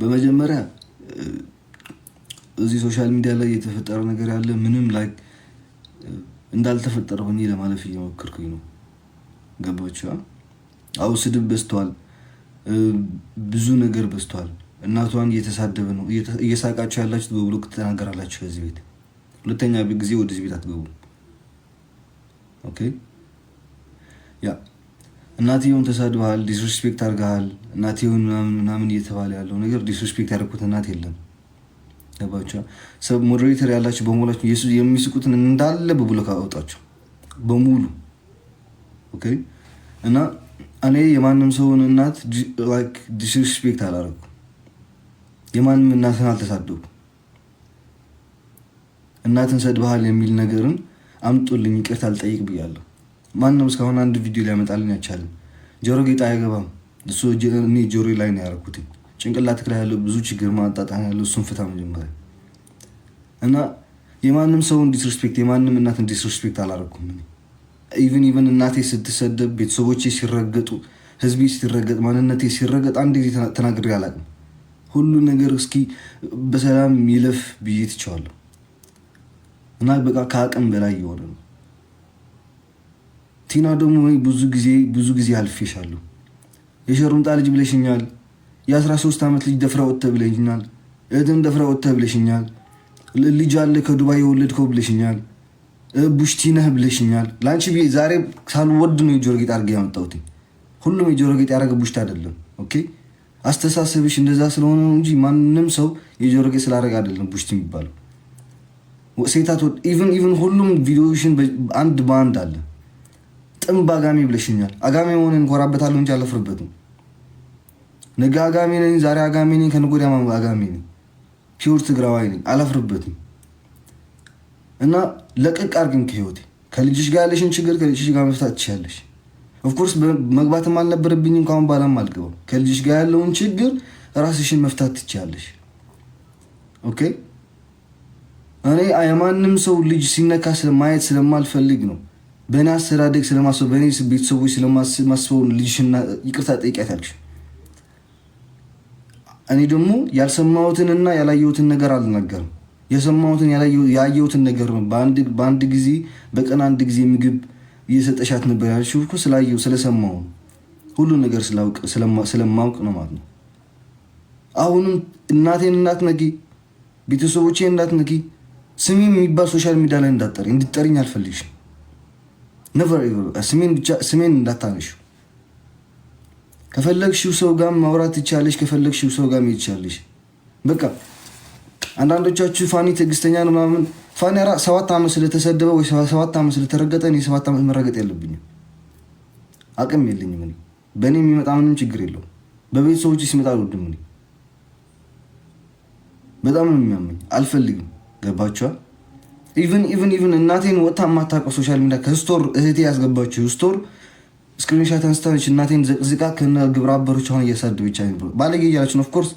በመጀመሪያ እዚህ ሶሻል ሚዲያ ላይ የተፈጠረ ነገር ያለ ምንም ላይ እንዳልተፈጠረ ሆኜ ለማለፍ እየሞከርኩኝ ነው። ገባችሁ? አው ስድብ በዝተዋል፣ ብዙ ነገር በዝተዋል። እናቷን እየተሳደበ ነው። እየሳቃችሁ ያላችሁ በብሎክ ትናገራላችሁ። ከዚህ ቤት ሁለተኛ ጊዜ ወደዚህ ቤት አትገቡም። ኦኬ ያ እናትየውን ተሳድበሃል፣ ዲስሪስፔክት አድርገሃል፣ እናትየውን ምናምን እየተባለ ያለው ነገር ዲስሪስፔክት ያደረኩት እናት የለም። ገባችሁ? ሰብ ያላቸው በሙላቸው በሙላችሁ የሚስቁትን እንዳለ በብሎ ካወጣቸው በሙሉ እና እኔ የማንም ሰውን እናት ዲስሪስፔክት አላረኩ። የማንም እናትን አልተሳደቡ። እናትን ሰድበሃል የሚል ነገርን አምጡልኝ፣ ይቅርታ አልጠይቅ ብያለሁ። ማንም እስካሁን አንድ ቪዲዮ ሊያመጣልን አይቻልም። ጆሮ ጌጥ አይገባም። እሱ እኔ ጆሮ ላይ ነው ያደረኩት። ጭንቅላት ክላ ያለው ብዙ ችግር ማጣጣ ያለው እሱን ፍታ መጀመሪያ እና የማንም ሰውን ዲስሪስፔክት የማንም እናትን ዲስሪስፔክት አላረኩም። ኢቨን ኢቨን እናቴ ስትሰደብ፣ ቤተሰቦቼ ሲረገጡ፣ ህዝቤ ሲረገጥ፣ ማንነቴ ሲረገጥ አንድ ጊዜ ተናግሬ አላቅም። ሁሉ ነገር እስኪ በሰላም ይለፍ ብዬ ትቸዋለሁ እና በቃ ከአቅም በላይ የሆነ ነው። ቲና ደግሞ ብዙ ጊዜ ብዙ ጊዜ አልፌሻለሁ። የሸሩምጣ ልጅ ብለሽኛል። የ13 ዓመት ልጅ ደፍረ ወተ ብለሽኛል። እህትም ደፍረ ወተ ብለሽኛል። ልጅ አለ ከዱባይ የወለድከው ብለሽኛል። ቡሽቲ ነህ ብለሽኛል። ለአንቺ ብዬ ዛሬ ሳልወድ ነው የጆሮ ጌጥ አድርጌ ያመጣሁት። ሁሉም የጆሮ ጌጥ ያደረገ ቡሽቲ አይደለም። ኦኬ አስተሳሰብሽ እንደዛ ስለሆነ ነው እንጂ ማንም ሰው የጆሮ ጌጥ ስላደረገ አይደለም ቡሽቲ የሚባለው። ሴታት ኢቨን ሁሉም ቪዲዮሽን አንድ በአንድ አለ ጥም በአጋሚ ብለሽኛል። አጋሚ መሆን እንኮራበታለሁ እንጂ አልፍርበትም። ነገ አጋሚ ነኝ፣ ዛሬ አጋሚ ነኝ፣ ከነገ ወዲያ አጋሚ ነኝ። ፒውር ትግራዋይ ነኝ፣ አላፍርበትም። እና ለቅቅ አርግን ከህይወቴ። ከልጅሽ ጋር ያለሽን ችግር ከልጅሽ ጋር መፍታት ትችያለሽ። ኦፍኮርስ መግባትም አልነበረብኝ ከአሁን በኋላም አልገባም። ከልጅሽ ጋር ያለውን ችግር ራስሽን መፍታት ትችያለሽ። ኦኬ። እኔ የማንም ሰው ልጅ ሲነካ ማየት ስለማልፈልግ ነው በእኔ አስተዳደግ ስለማስበው በእኔ ቤተሰቦች ስለማስበው ልጅሽና ይቅርታ ጠይቂያታለሽ። እኔ ደግሞ ያልሰማሁትንና ያላየሁትን ነገር አልናገርም። የሰማሁትን ያየሁትን ነገር ነው። በአንድ ጊዜ በቀን አንድ ጊዜ ምግብ እየሰጠሻት ነበር ያልሽው እኮ ስላየሁ ስለሰማሁ ነው። ሁሉን ነገር ስለማውቅ ነው ማለት ነው። አሁንም እናቴን እንዳትነኪ፣ ቤተሰቦቼ እንዳትነኪ፣ ስሜ የሚባል ሶሻል ሚዲያ ላይ እንዳጠሪ እንድጠሪኝ አልፈልግሽም። ስሜን እንዳታነሽ። ከፈለግሽው ሰው ጋር ማውራት ይቻለሽ፣ ከፈለግሽው ሰው ጋር ይቻለሽ። በቃ አንዳንዶቻችሁ ፋኒ ትዕግስተኛ ነው ምናምን። ፋኒ ሰባት ዓመት ስለተሰደበ ወይ ሰባት ዓመት ስለተረገጠ እኔ ሰባት ዓመት መረገጥ የለብኝም። አቅም የለኝም እኔ። በእኔ የሚመጣ ምንም ችግር የለውም። በቤተሰቦች ሲመጣ አልወድም እኔ። በጣም ነው የሚያመኝ። አልፈልግም። ገባችኋል? ኢቨን ኢቨን ኢቨን እናቴን ወታ የማታውቀው ሶሻል ሚዲያ ከስቶር እህቴ ያስገባችው ስቶር ስክሪንሻት አንስታለች። እናቴን ዘቅዝቃ ከነ ግብረ አበሮች አሁን እያሳድ ብቻ ባለጌ እያለችን ኦፍኮርስ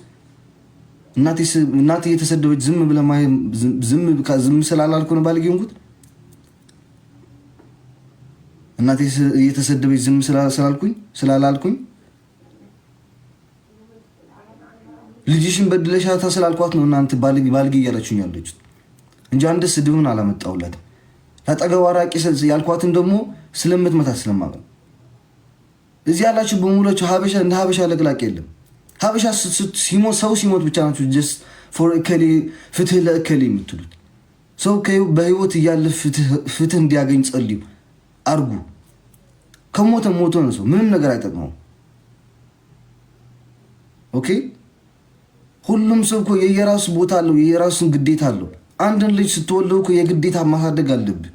እናቴ እየተሰደበች ዝም ብለህ ዝም ዝም ስላላልኩ ነው ባለጌ ንኩት። እናቴ እየተሰደበች ዝም ስላልኩኝ ስላላልኩኝ ልጅሽን በድለሻታ ስላልኳት ነው እናንተ ባለጌ እያለችኝ ያለችት እንጂ አንድ ስድብን አላመጣሁላትም። ለጠገቧ ራቂ ያልኳትን ደግሞ ስለምትመታት ስለማቀ እዚህ ያላችሁ በሙላችሁ ሀበሻ እንደ ሀበሻ ለቅላቅ የለም። ሀበሻ ሲሞት ሰው ሲሞት ብቻ ናችሁ ጀስት ፎር እከሌ ፍትህ ለእከሌ የምትሉት ሰው በህይወት እያለ ፍትህ እንዲያገኝ ጸልዩ አርጉ። ከሞተ ሞቶ ነው። ሰው ምንም ነገር አይጠቅመው። ኦኬ ሁሉም ሰው እኮ የየራሱ ቦታ አለው፣ የየራሱን ግዴታ አለው። አንድን ልጅ ስትወልድ እኮ የግዴታ ማሳደግ አለብህ።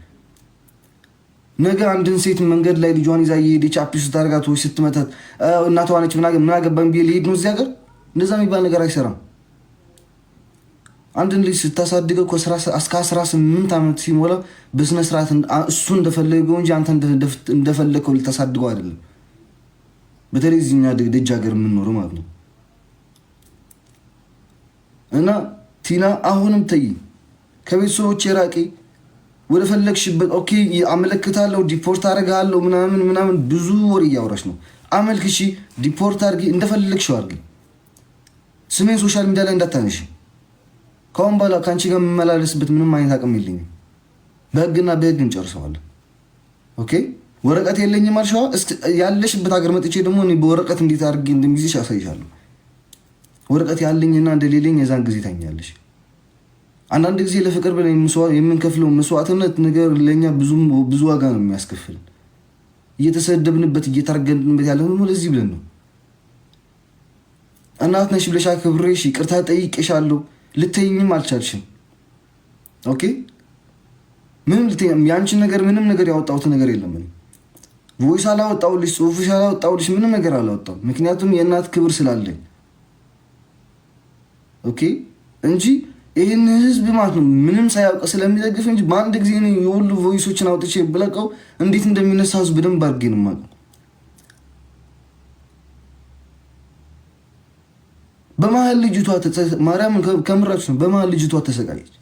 ነገ አንድን ሴት መንገድ ላይ ልጇን ይዛ እየሄደች አፒ ስታደርጋት ወይ ስትመታት እናቷ ነች ምን አገባኝ ብዬ ነው እዚህ ሀገር? እንደዛ የሚባል ነገር አይሰራም። አንድን ልጅ ስታሳድገው እስከ አስራ ስምንት ዓመት ሲሞላ በስነ ስርዓት እሱ እንደፈለገው እንጂ አንተ እንደፈለግከው ልታሳድገው አይደለም። በተለይ እዚህኛ ደጅ ሀገር የምንኖር ማለት ነው እና ቲና አሁንም ተይ ከቤተሰቦች የራቂ ወደ ፈለግሽበት ኦኬ፣ አመለክታለሁ፣ ዲፖርት አደርግሃለሁ ምናምን ምናምን ብዙ ወር እያወራች ነው። አመልክሺ፣ ዲፖርት አድርጊ፣ እንደፈለግሽው አድርጊ። ስሜን ሶሻል ሚዲያ ላይ እንዳታነሽ ከአሁን በኋላ ከአንቺ ጋር የምመላለስበት ምንም አይነት አቅም የለኝም። በህግና በህግ እንጨርሰዋለን። ኦኬ፣ ወረቀት የለኝም አልሽዋ። ያለሽበት ሀገር መጥቼ ደግሞ በወረቀት እንዴት አድርጊ እንደሚዜሽ አሳይሻለሁ። ወረቀት ያለኝና እንደሌለኝ የዛን ጊዜ ታኛለሽ። አንዳንድ ጊዜ ለፍቅር ብለን የምንከፍለው መስዋዕትነት ነገር ለእኛ ብዙ ዋጋ ነው የሚያስከፍል። እየተሰደብንበት እየታረገንበት ያለ ለዚህ ብለን ነው። እናት ነሽ ብለሽ አክብሬሽ ይቅርታ ጠይቄሻለሁ። ልተኝም አልቻልሽም። ኦኬ ምንም ነገር ምንም ነገር ያወጣሁት ነገር የለም። ቮይስ አላወጣሁልሽ፣ ጽሁፍሽ አላወጣሁልሽ፣ ምንም ነገር አላወጣው ምክንያቱም የእናት ክብር ስላለኝ ኦኬ እንጂ ይህን ህዝብ ማለት ነው ምንም ሳያውቅ ስለሚደግፍ እንጂ በአንድ ጊዜ የሁሉ ቮይሶችን አውጥቼ ብለቀው እንዴት እንደሚነሳ ህዝብ በደንብ አድርጌ ነው የማውቀው። በመሀል ልጅቷ ማርያም ከምራች ነው። በመሀል ልጅቷ ተሰቃየች።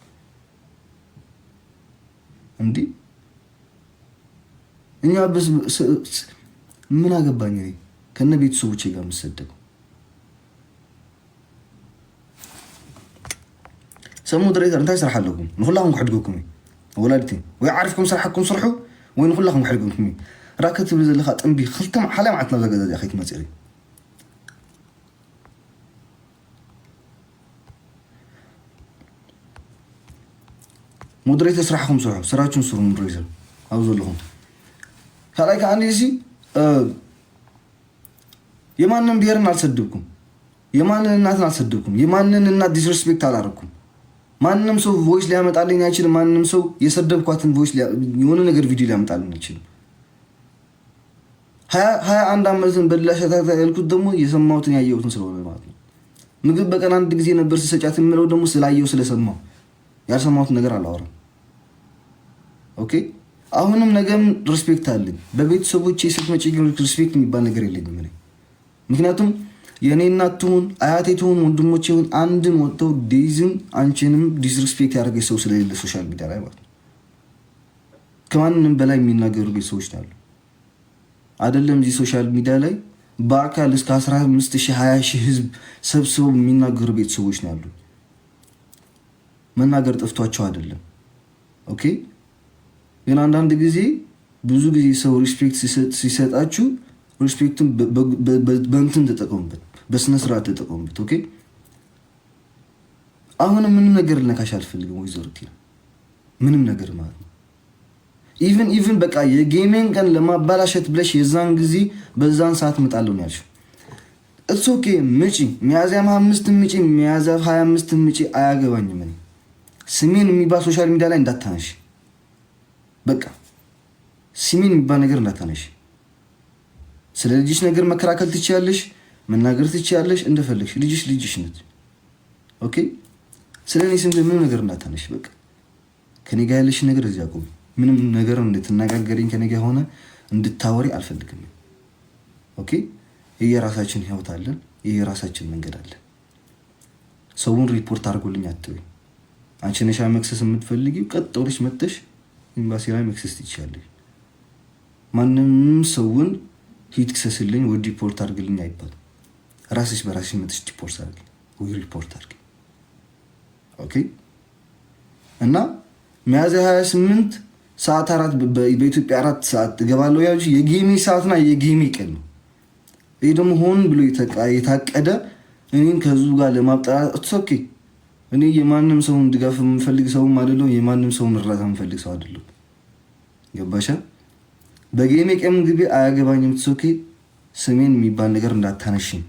እንዲህ እኛ ምን አገባኝ ከነ ቤተሰቦቼ ጋር የምሰደገው ሰብ ሞደሬተር እንታይ ስራሕ ኣለኩም ንኩላኹም ክሕድገኩም እዩ ወላዲት ወይ ዓሪፍኩም ስራሕኩም ስርሑ ወይ ንኩላኹም ክሕድገኩም እዩ ራከ ትብል ዘለካ ጥንቢ ክልተ ሓላይ መዓልት ናብ ዘገዛ ከይትመፅእ እዩ ሞደሬተር ስራሕኩም ስርሑ ስራችን ስሩ ሞደሬተር ኣብ ዘለኹም ካልኣይ ከዓ እዚ የማንን ብሄርን ኣልሰድብኩም የማንን እናትን ኣልሰድብኩም የማንን እናት ዲስርስፔክት ኣላረኩም ማንም ሰው ቮይስ ሊያመጣልኝ አይችልም። ማንም ሰው የሰደብኳትን ቮይስ የሆነ ነገር ቪዲዮ ሊያመጣልኝ አይችልም። ሀያ አንድ ዓመትን በሌላ ያልኩት ደግሞ የሰማሁትን ያየሁትን ስለሆነ ማለት ነው። ምግብ በቀን አንድ ጊዜ ነበር ስሰጫት የምለው ደግሞ ስላየው ስለሰማው ያልሰማሁትን ነገር አላወራም። ኦኬ አሁንም ነገም ሪስፔክት አለኝ። በቤተሰቦቼ ስትመጪ ግን ሪስፔክት የሚባል ነገር የለኝም። ምክንያቱም የእኔ እናት ትሁን አያቴ ትሁን ወንድሞች ሁን አንድም ወጥተው ዴይዝም አንቺንም ዲስሪስፔክት ያደረገች ሰው ስለሌለ ሶሻል ሚዲያ ላይ ማለት ነው። ከማንም በላይ የሚናገሩ ሰዎች አሉ አይደለም። እዚህ ሶሻል ሚዲያ ላይ በአካል እስከ 15 ሺህ 20 ሺህ ህዝብ ሰብስበው የሚናገሩ ቤተሰቦች ነው መናገር ጠፍቷቸው አይደለም። ኦኬ ግን አንዳንድ ጊዜ ብዙ ጊዜ ሰው ሪስፔክት ሲሰጣችሁ ሪስፔክቱን በእንትን ተጠቀሙበት። በስነ ስርዓት ተጠቀሙበት። ኦኬ አሁን ምንም ነገር ልነካሽ አልፈልግም ወይዘሮ ቲና፣ ምንም ነገር ማለት ነው። ኢቭን ኢቭን በቃ የጌሜን ቀን ለማባላሸት ብለሽ የዛን ጊዜ በዛን ሰዓት እመጣለሁ ነው ያልሽው። እሱ ኦኬ ምጪ፣ ሚያዝያ አምስት ምጪ፣ ሚያዝያ ሀያ አምስት ምጪ፣ አያገባኝም። እኔ ስሜን የሚባል ሶሻል ሚዲያ ላይ እንዳታነሽ፣ በቃ ስሜን የሚባል ነገር እንዳታነሽ። ስለ ልጅሽ ነገር መከራከል ትችያለሽ። መናገር ትችያለሽ እንደፈለግሽ። ልጅሽ ልጅሽ ነች። ኦኬ ስለ እኔ ስም ምንም ነገር እንዳታነሽ። በቃ ከኔ ጋር ያለሽን ነገር እዚ ቁም። ምንም ነገር እንድትነጋገሪኝ ከኔ ጋር ሆነ እንድታወሪ አልፈልግም። ኦኬ እየራሳችን ህይወት አለን፣ የየራሳችን መንገድ አለን። ሰውን ሪፖርት አድርጎልኝ አትበይ። አንቺ ነሻ መክሰስ የምትፈልጊ ቀጥ ብለሽ መጥተሽ ኤምባሲ ላይ መክሰስ ትችያለሽ። ማንም ሰውን ሂድ ክሰስልኝ፣ ወዲ ሪፖርት አድርግልኝ አይባልም። ራስሽ በራስሽ መጥሽ ሪፖርት አድርጊ ወይ ሪፖርት አድርጊ። ኦኬ እና ሚያዝያ 28 ሰዓት አራት በኢትዮጵያ አራት ሰዓት እገባለሁ። ያ የጌሜ ሰዓትና የጌሜ ቀን ነው። ይህ ደግሞ ሆን ብሎ የታቀደ እኔን ከዙ ጋር ለማብጠራት ኦኬ። እኔ የማንም ሰውን ድጋፍ የምፈልግ ሰውም አይደለሁ፣ የማንም ሰውን እርዳታ የምፈልግ ሰው አይደለሁ። ገባሻ? በጌሜ ቀን ግቢ አያገባኝም። ኦኬ ስሜን የሚባል ነገር እንዳታነሽኝ።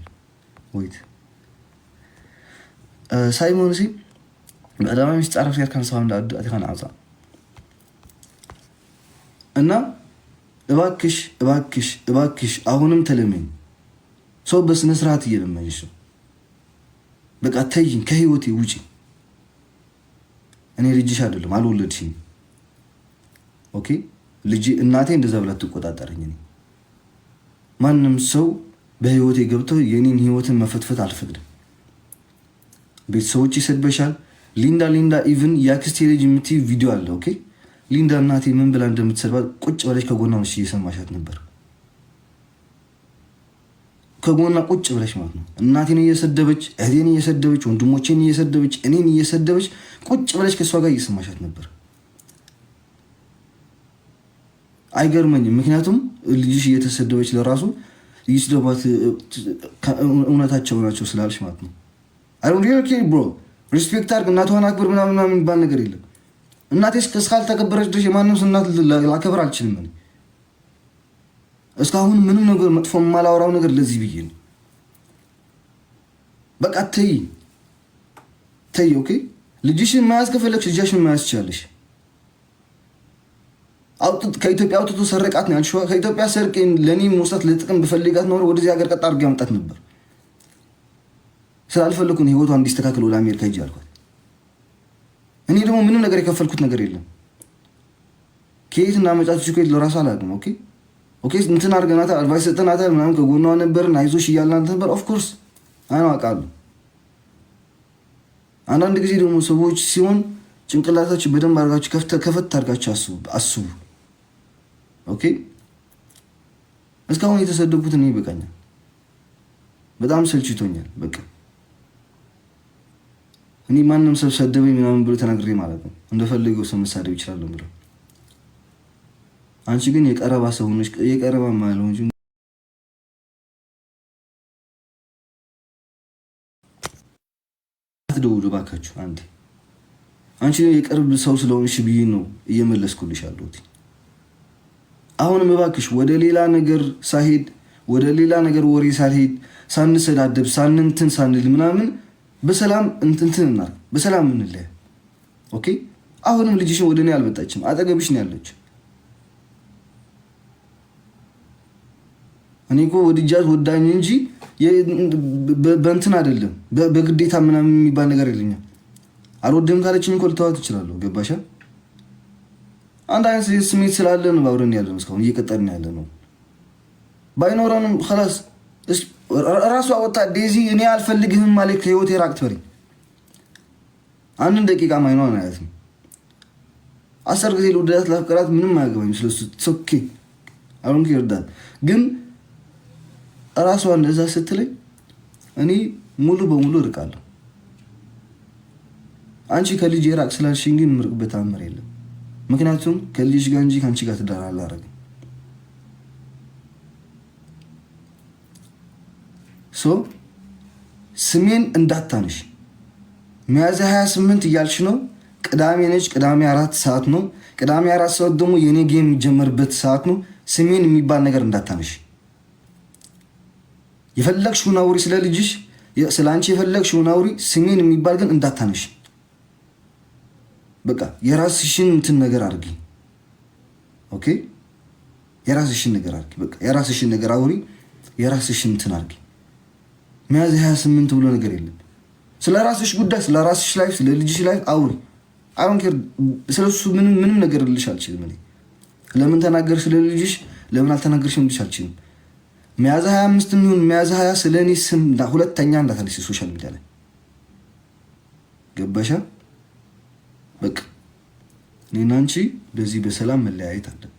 ወይት ሳይሞን ሲ ብቀዳማይ ምስ ፃረፍ ጌርካ ንስኻ ኣትኻ ንዓፃ እና እባክሽ እባክሽ እባክሽ አሁንም ተለመኝ። ሰው በስነ ስርዓት እየለመኝሽ በቃ ተይኝ፣ ከህይወቴ ውጪ። እኔ ልጅሽ አይደለም አልወለድሽኝ። ኦኬ ልጅ እናቴ እንደዛ ብላ ትቆጣጠረኝ። እኔ ማንም ሰው በህይወቴ ገብተው የኔን ህይወትን መፈትፈት አልፈቅድም። ቤተሰቦች ይሰድበሻል። ሊንዳ ሊንዳ ኢቭን የአክስቴ ልጅ የምትይ ቪዲዮ አለ። ኦኬ ሊንዳ እናቴ ምን ብላ እንደምትሰድባት ቁጭ ብለሽ ከጎና ነች እየሰማሻት ነበር። ከጎና ቁጭ ብለሽ ማለት ነው። እናቴን እየሰደበች እህቴን እየሰደበች ወንድሞቼን እየሰደበች እኔን እየሰደበች ቁጭ ብለሽ ከእሷ ጋር እየሰማሻት ነበር። አይገርመኝም። ምክንያቱም ልጅሽ እየተሰደበች ለራሱ ይስደባት እውነታቸው ናቸው ስላልሽ ማለት ነው። ብሮ ሪስፔክት አድርግ፣ እናቷን አክብር ምናምን ምናምን የሚባል ነገር የለም። እናቴ እስካልተከበረች ድረስ የማንም እናት ላከብር አልችልም። እስካሁን ምንም ነገር መጥፎ የማላወራው ነገር ለዚህ ብዬ ነው። በቃ ተይ ተይ። ኦኬ ልጅሽን መያዝ ከፈለግሽ ልጃሽን መያዝ ትችላለሽ። ከኢትዮጵያ አውጥቶ ሰረቃት ነው ያልሽው። ከኢትዮጵያ ሰርቄ ለእኔ መውሰት ለጥቅም ብፈልጋት ኖሮ ወደዚህ ሀገር ቀጥ አድርጌ አምጣት ነበር። ስላልፈለኩ ነው ህይወቷ እንዲስተካከል ወደ አሜሪካ ሂጅ አልኳት። እኔ ደግሞ ምንም ነገር የከፈልኩት ነገር የለም። ከየት እና እናመጫችሁ ከየት ለራሱ አላውቅም። ኦኬ ኦኬ፣ እንትን አድርገናታል፣ አድቫይስ ሰጠናታል፣ ምናምን ከጎኗ ነበርን፣ አይዞሽ እያልናት ነበር። ኦፍኮርስ አውቃለሁ። አንዳንድ ጊዜ ደግሞ ሰዎች ሲሆን ጭንቅላታችሁ በደንብ አድርጋችሁ ከፈት አድርጋችሁ አስቡ። ኦኬ እስካሁን የተሰደብኩት እኔ ይበቃኛል። በጣም ሰልችቶኛል። በቃ እኔ ማንም ሰብ ሰደበኝ ምናምን ብሎ ተናግሬ ማለት ነው እንደፈለገው ሰው መሳደብ ይችላለሁ ብለው አንቺ ግን የቀረባ ሰው ሆነሽ የቀረባ ማለው እንጂ አትደውሉ ባካችሁ። አንዴ አንቺ የቅርብ ሰው ስለሆንሽ ብዬ ነው እየመለስኩልሽ አለሁት። አሁንም እባክሽ ወደ ሌላ ነገር ሳሄድ ወደ ሌላ ነገር ወሬ ሳልሄድ ሳንሰዳደብ ሳንንትን ሳንል ምናምን በሰላም እንትንትን እናድርግ፣ በሰላም እንለያ። ኦኬ። አሁንም ልጅሽን ወደ እኔ አልመጣችም፣ አጠገብሽ ነው ያለች። እኔ እኮ ወድጃት ወዳኝ እንጂ በእንትን አይደለም፣ በግዴታ ምናምን የሚባል ነገር የለኛል። አልወደም ካለችኝ እኮ ልተዋት እችላለሁ። አንድ አይነት ስሜት ስላለን አብረን ያለን እስካሁን እየቀጠልን ያለ ነው። ባይኖረንም ላስ ራሷ ወጣ ዴዚ እኔ አልፈልግህም ማለት ከህይወቴ ራቅ ትበለኝ። አንድን ደቂቃ ማይኗን አያትም። አስር ጊዜ ልውደዳት ላፍቀራት ምንም አያገባኝም። ስለሱ ሶኬ አሁን ይርዳል። ግን ራሷ እንደዛ ስትለኝ እኔ ሙሉ በሙሉ እርቃለሁ። አንቺ ከልጅ የራቅ ስላልሽኝ ግን ምርቅበት አምር የለም ምክንያቱም ከልጅ ጋር እንጂ ከአንቺ ጋር ትዳር አላረግም። ሶ ስሜን እንዳታነሽ። ሚያዝያ 28 እያልሽ ነው። ቅዳሜ ነች። ቅዳሜ አራት ሰዓት ነው። ቅዳሜ አራት ሰዓት ደግሞ የእኔ ጌም የሚጀመርበት ሰዓት ነው። ስሜን የሚባል ነገር እንዳታነሽ። የፈለግሽውን አውሪ ስለ ልጅሽ፣ ስለ አንቺ የፈለግሽውን አውሪ። ስሜን የሚባል ግን እንዳታነሽ። በቃ የራስሽን እንትን ነገር አድርጊ። ኦኬ የራስሽን ነገር አድርጊ። በቃ የራስሽን ነገር አውሪ። የራስሽን እንትን አድርጊ። ሚያዝያ 28 ብሎ ነገር የለም። ስለ ራስሽ ጉዳይ፣ ስለ ራስሽ ላይፍ፣ ስለ ልጅሽ ላይፍ አውሪ። አሁን ስለ እሱ ምንም ነገር ልልሽ አልችልም እኔ። ለምን ተናገር ስለ ልጅሽ ለምን አልተናገርሽም ልልሽ አልችልም። ሚያዝያ 25 አምስት የሚሆን ሚያዝያ ሀያ ስለ እኔ ስም ሁለተኛ እንዳታነሺ ሶሻል ሚዲያ ላይ ገባሻ? በቃ እኔና አንቺ በዚህ በሰላም መለያየት አለብን።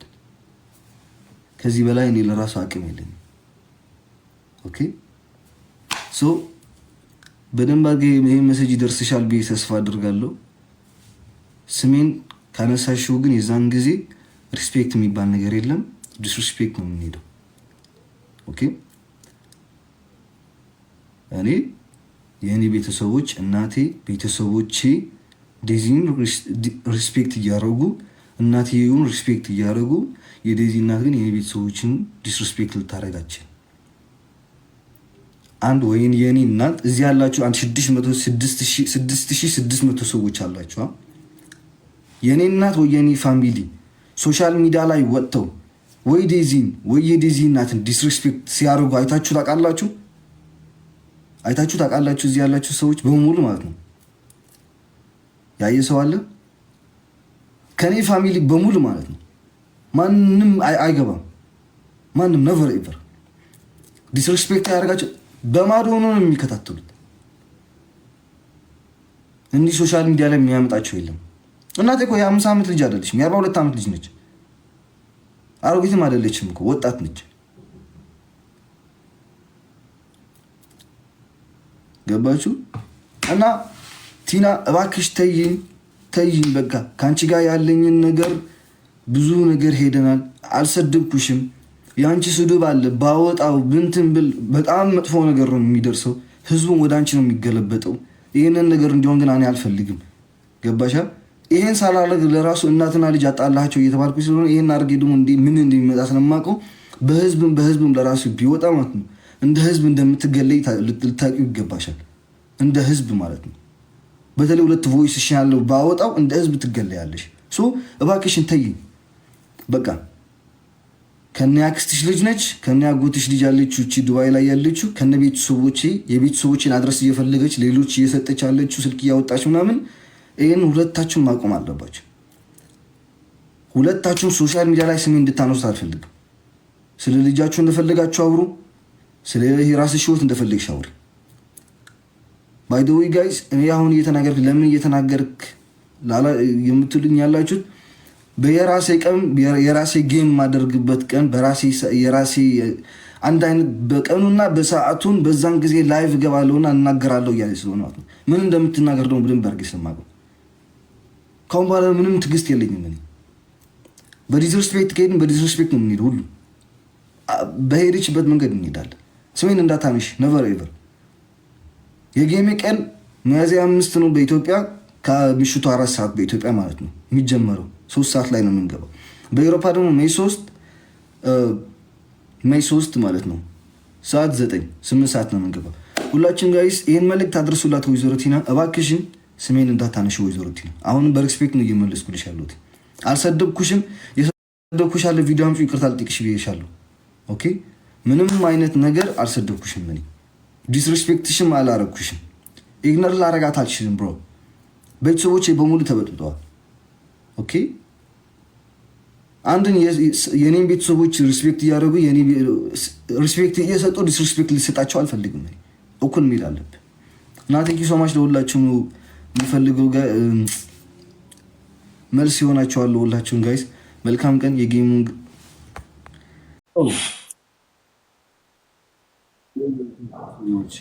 ከዚህ በላይ እኔ ለራሱ አቅም የለኝም። ኦኬ ሶ በደንብ አድርገህ ይህ መሰጅ ይደርስሻል ብዬ ተስፋ አድርጋለሁ። ስሜን ካነሳሽው ግን የዛን ጊዜ ሪስፔክት የሚባል ነገር የለም፣ ዲስሪስፔክት ነው የምንሄደው። ኦኬ እኔ የእኔ ቤተሰቦች እናቴ ቤተሰቦቼ ዴዚን ሪስፔክት እያደረጉ እናትየውን ሪስፔክት እያደረጉ የዴዚ እናት ግን የኔ ቤተሰቦችን ዲስሪስፔክት ልታደረጋችን አንድ ወይን የኔ እናት እዚህ ያላችሁ አንድ ስድስት ሺህ ስድስት መቶ ሰዎች አላችሁ። የኔ እናት ወይ የኔ ፋሚሊ ሶሻል ሚዲያ ላይ ወጥተው ወይ ዴዚን ወይ የዴዚ እናትን ዲስሪስፔክት ሲያደርጉ አይታችሁ ታውቃላችሁ? አይታችሁ ታውቃላችሁ? እዚህ ያላችሁ ሰዎች በሙሉ ማለት ነው። ያየ ሰው አለ ከኔ ፋሚሊ በሙሉ ማለት ነው። ማንም አይገባም። ማንም ነቨር ኤቨር ዲስሬስፔክት ያደርጋቸው። በማዶ ሆኖ ነው የሚከታተሉት። እንዲህ ሶሻል ሚዲያ ላይ የሚያመጣቸው የለም። እናቴ እኮ የአምስት ዓመት ልጅ አይደለችም፣ የአርባ ሁለት ዓመት ልጅ ነች። አሮጊትም አይደለችም እኮ ወጣት ነች። ገባችሁ እና ቲና እባክሽ ተይኝ ተይኝ፣ በቃ ከአንቺ ጋር ያለኝን ነገር ብዙ ነገር ሄደናል። አልሰድብኩሽም። የአንቺ ስድብ አለ ባወጣው ብንትን ብል በጣም መጥፎ ነገር ነው የሚደርሰው። ህዝቡን ወደ አንቺ ነው የሚገለበጠው። ይህንን ነገር እንዲሆን ግን እኔ አልፈልግም። ገባሻ? ይህን ሳላረግ ለራሱ እናትና ልጅ አጣላቸው እየተባልኩ ስለሆነ ይህን አድርጌ ደግሞ ምን እንደሚመጣ ስለማውቀው በህዝብም በህዝብም ለራሱ ቢወጣ ማለት ነው እንደ ህዝብ እንደምትገለይ ልታውቂው ይገባሻል። እንደ ህዝብ ማለት ነው በተለይ ሁለት ቮይስ ሽ ያለው ባወጣው እንደ ህዝብ ትገለያለሽ። እባክሽን ተይኝ በቃ። ከነ ያክስትሽ ልጅ ነች ከነ ያጎትሽ ልጅ አለች፣ እቺ ዱባይ ላይ ያለችው ከነ ቤተሰቦቼ የቤተሰቦቼን አድረስ እየፈለገች ሌሎች እየሰጠች ያለችው ስልክ እያወጣች ምናምን፣ ይህን ሁለታችሁም ማቆም አለባችሁ። ሁለታችሁም ሶሻል ሚዲያ ላይ ስሜ እንድታነሱት አልፈልግም። ስለ ልጃችሁ እንደፈለጋችሁ አውሩ። ስለ ራስሽ ህይወት እንደፈለግሽ አውሪ። ባይደዊ ጋይስ እኔ አሁን እየተናገርክ ለምን እየተናገርክ የምትሉኝ ያላችሁት በየራሴ ቀን የራሴ ጌም የማደርግበት ቀን የራሴ አንድ አይነት በቀኑና በሰዓቱን በዛን ጊዜ ላይቭ እገባለሁና እናገራለሁ እያለ ስለሆነ ማለት ነው። ምን እንደምትናገር ደግሞ ብድን በርግ ስለማውቀው ካሁን በኋላ ምንም ትግስት የለኝም። እኔ በዲስሪስፔክት ከሄድን በዲስሪስፔክት ነው የምንሄድ። ሁሉ በሄደችበት መንገድ እንሄዳለን። ስሜን እንዳታነሽ ነቨር ኤቨር የጌሜ ቀን ሚያዝያ አምስት ነው በኢትዮጵያ ከምሽቱ አራት ሰዓት በኢትዮጵያ ማለት ነው የሚጀመረው። ሶስት ሰዓት ላይ ነው የምንገባው። በኤሮፓ ደግሞ ሜይ ሶስት ሜይ ሶስት ማለት ነው ሰዓት ዘጠኝ ስምንት ሰዓት ነው የምንገባው። ሁላችን ጋይስ ይህን መልእክት አድርሱላት ወይዘሮ ቲና እባክሽን፣ ስሜን እንዳታነሽ ወይዘሮ ቲና። አሁንም በሬስፔክት ነው እየመለስኩልሽ ያለሁት። አልሰደብኩሽም። የሰደብኩሽ አለ ቪዲዮ አምጪው፣ ይቅርታ ልጠይቅሽ ብዬሻለሁ። ኦኬ ምንም አይነት ነገር አልሰደብኩሽም እኔ ዲስሪስፔክትሽን አላረግኩሽም። ኢግነር ላረጋት አልችልም ብሮ። ቤተሰቦች በሙሉ ተበጥጠዋል። ኦኬ አንድን የኔን ቤተሰቦች ሪስፔክት እያደረጉ ሪስፔክት እየሰጡ ዲስሪስፔክት ሊሰጣቸው አልፈልግም። እኩል ሚል አለብ እና ቴንኪ ሶማች ለሁላችሁም የሚፈልገው መልስ ይሆናቸዋል። ለሁላችሁም ጋይስ መልካም ቀን። የጌሙን much.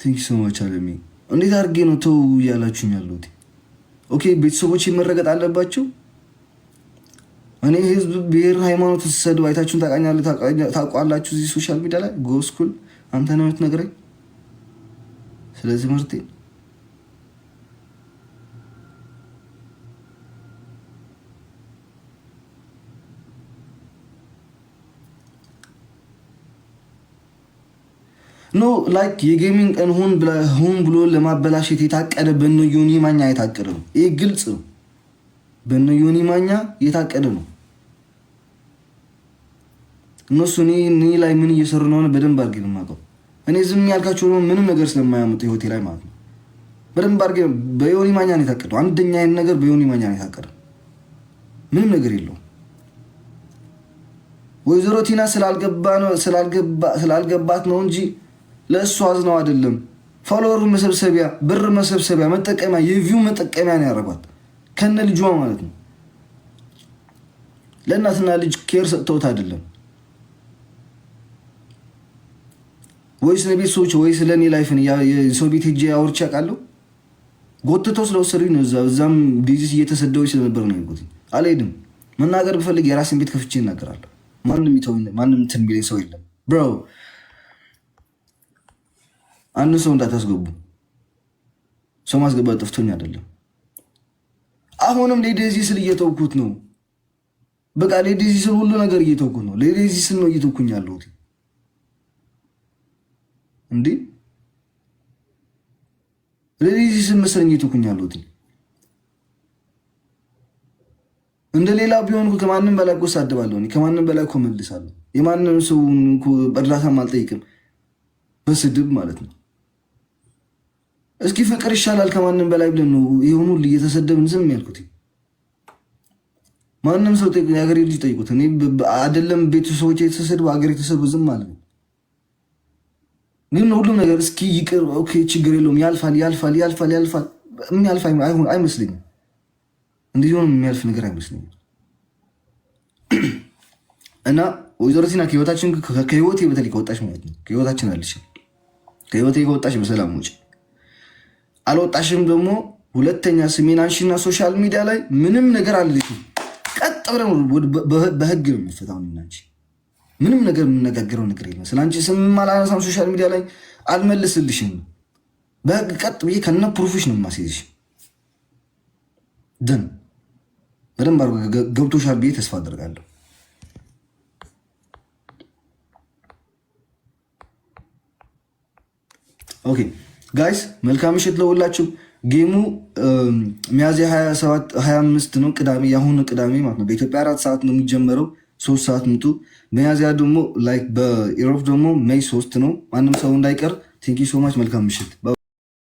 ቴንክ ሶ ማች አለሚ። እንዴት አድርጌ ነው ተው እያላችሁኝ ያሉት? ኦኬ ቤተሰቦች መረገጥ አለባቸው። እኔ ህዝብ፣ ብሔር፣ ሃይማኖት ስሰድብ ባይታችሁን ታውቋላችሁ። እዚህ ሶሻል ሚዲያ ላይ ጎስኩል አንተ ነው የምትነግረኝ ስለ ትምህርቴ ኖ ላይክ የጌሚንግ ቀን ሆን ብሎ ለማበላሸት የታቀደ በነ ዮኒ ማኛ የታቀደ ነው። ይህ ግልጽ ነው። በነ ዮኒ ማኛ የታቀደ ነው። እነሱ እኔ ላይ ምን እየሰሩ እንደሆነ በደንብ አድርጌ ነው የማውቀው። እኔ ዝም ያልካቸው ደግሞ ምንም ነገር ስለማያመጡ ህይወቴ ላይ ማለት ነው። በደንብ አድርጌ በዮኒ ማኛ ነው የታቀደው። አንደኛ ይህን ነገር በዮኒ ማኛ ነው የታቀደ። ምንም ነገር የለውም። ወይዘሮ ቲና ስላልገባት ነው እንጂ ለእሱ አዝነው አይደለም። ፎሎወር መሰብሰቢያ፣ ብር መሰብሰቢያ፣ መጠቀሚያ፣ የቪው መጠቀሚያ ነው ያደረጓት ከነ ልጇ ማለት ነው። ለእናትና ልጅ ኬር ሰጥተውት አይደለም ወይ ስለ ለቤት ሰዎች ስለ እኔ ላይፍን የሰው ቤት ሄጄ አውርቼ አውቃለሁ? ጎትተው ስለወሰዱኝ ነው። እዛም ዲዚስ እየተሰደው ስለነበር ነው ይጎት አልሄድም። መናገር ብፈልግ የራሴን ቤት ከፍቼ እናገራለሁ። ማንም ማንም እንትን ሰው የለም ብሮ አንድ ሰው እንዳታስገቡ። ሰው ማስገባት ጠፍቶኝ አይደለም። አሁንም ሌዴዚ ስል እየተውኩት ነው። በቃ ሌዴዚ ስል ሁሉ ነገር እየተውኩት ነው። ሌዴዚ ስል ነው እየተውኩኝ ያለሁት እንዴ ሌዴዚ ስል መሰለኝ እየተውኩኝ ያለሁት። እንደ ሌላ ቢሆን ከማንም በላይ እኮ ሳድባለሁ። ከማንም በላይ እኮ መልሳለሁ። የማንም ሰው እርዳታም አልጠይቅም፣ በስድብ ማለት ነው። እስኪ ፍቅር ይሻላል ከማንም በላይ ብለን ነው የሆኑ እየተሰደብን ዝም ያልኩት። ማንም ሰው ሀገር ልጅ ጠይቁት። እኔ አይደለም ቤቱ ሰዎች የተሰደቡ ሀገር የተሰደቡ ዝም አለ። ግን ሁሉም ነገር እስኪ ይቅር፣ ኦኬ፣ ችግር የለውም ያልፋል፣ ያልፋል፣ ያልፋል፣ ያልፋል። የሚያልፍ አይመስለኝም። እንዲህ ሆን የሚያልፍ ነገር አይመስለኝም። እና ወይዘሮ ቲና ከህይወታችን ከህይወቴ በተለይ ከወጣች ማለት ነው ከህይወታችን አለች ከህይወቴ ከወጣች በሰላም ውጭ አልወጣሽም ደግሞ ሁለተኛ ስሜን አንሺና ሶሻል ሚዲያ ላይ ምንም ነገር አልልሽም። ቀጥ ብለን በህግ ነው የሚፈታው። ናንቺ ምንም ነገር የምነጋገረው ነገር የለም። ስለ አንቺ ስም አላነሳም፣ ሶሻል ሚዲያ ላይ አልመልስልሽም። በህግ ቀጥ ብዬ ከነ ፕሩፍሽ ነው የማስይዝሽ። ደን በደንብ አድርጎ ገብቶሻል ብዬ ተስፋ አደርጋለሁ። ኦኬ ጋይስ መልካም ምሽት ለሁላችሁ። ጌሙ ሚያዝያ 25 ነው፣ ቅዳሜ የአሁኑ ቅዳሜ ማለት ነው። በኢትዮጵያ አራት ሰዓት ነው የሚጀመረው፣ ሶስት ሰዓት ምጡ። በሚያዝያ ደግሞ ላይክ በኢሮፕ ደግሞ ሜይ ሶስት ነው። ማንም ሰው እንዳይቀር። ቴንኪ ሶማች መልካም ምሽት።